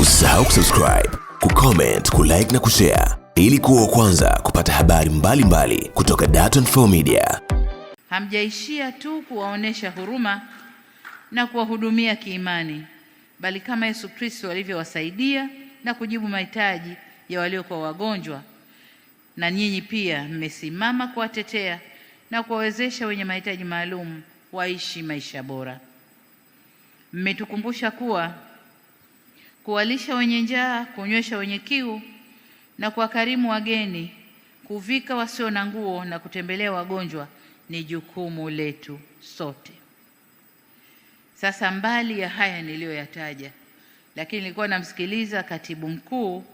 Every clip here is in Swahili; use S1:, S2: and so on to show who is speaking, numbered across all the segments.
S1: Usisahau kusubscribe, kucomment, kulike na kushare ili kuwa kwanza kupata habari mbalimbali mbali kutoka Dar24 Media.
S2: Hamjaishia tu kuwaonesha huruma na kuwahudumia kiimani, bali kama Yesu Kristo alivyowasaidia na kujibu mahitaji ya waliokuwa wagonjwa, na nyinyi pia mmesimama kuwatetea na kuwawezesha wenye mahitaji maalum waishi maisha bora. Mmetukumbusha kuwa kuwalisha wenye njaa, kunywesha wenye kiu na kuwakarimu wageni, kuvika wasio na nguo na kutembelea wagonjwa ni jukumu letu sote. Sasa, mbali ya haya niliyoyataja, lakini nilikuwa namsikiliza katibu mkuu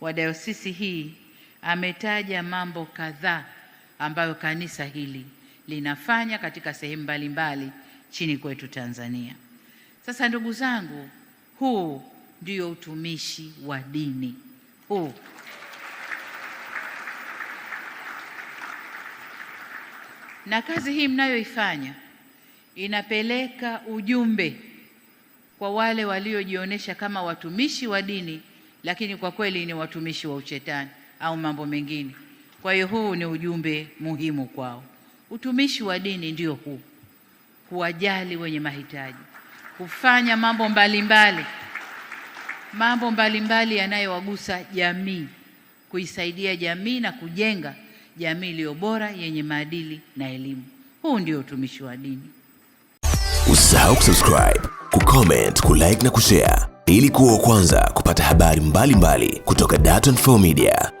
S2: wa dayosisi hii, ametaja mambo kadhaa ambayo kanisa hili linafanya katika sehemu mbalimbali chini kwetu Tanzania. Sasa ndugu zangu, huu ndio utumishi wa dini huu. Oh. Na kazi hii mnayoifanya inapeleka ujumbe kwa wale waliojionyesha kama watumishi wa dini, lakini kwa kweli ni watumishi wa ushetani au mambo mengine. Kwa hiyo huu ni ujumbe muhimu kwao. Utumishi wa dini ndio huu, kuwajali wenye mahitaji, kufanya mambo mbalimbali mbali mambo mbalimbali yanayowagusa jamii, kuisaidia jamii na kujenga jamii iliyo bora yenye maadili na elimu. Huu ndio utumishi wa dini. Usisahau kusubscribe, kucomment, kulike na kushare ili kuwa wa kwanza kupata habari mbalimbali mbali kutoka Dar24 Media.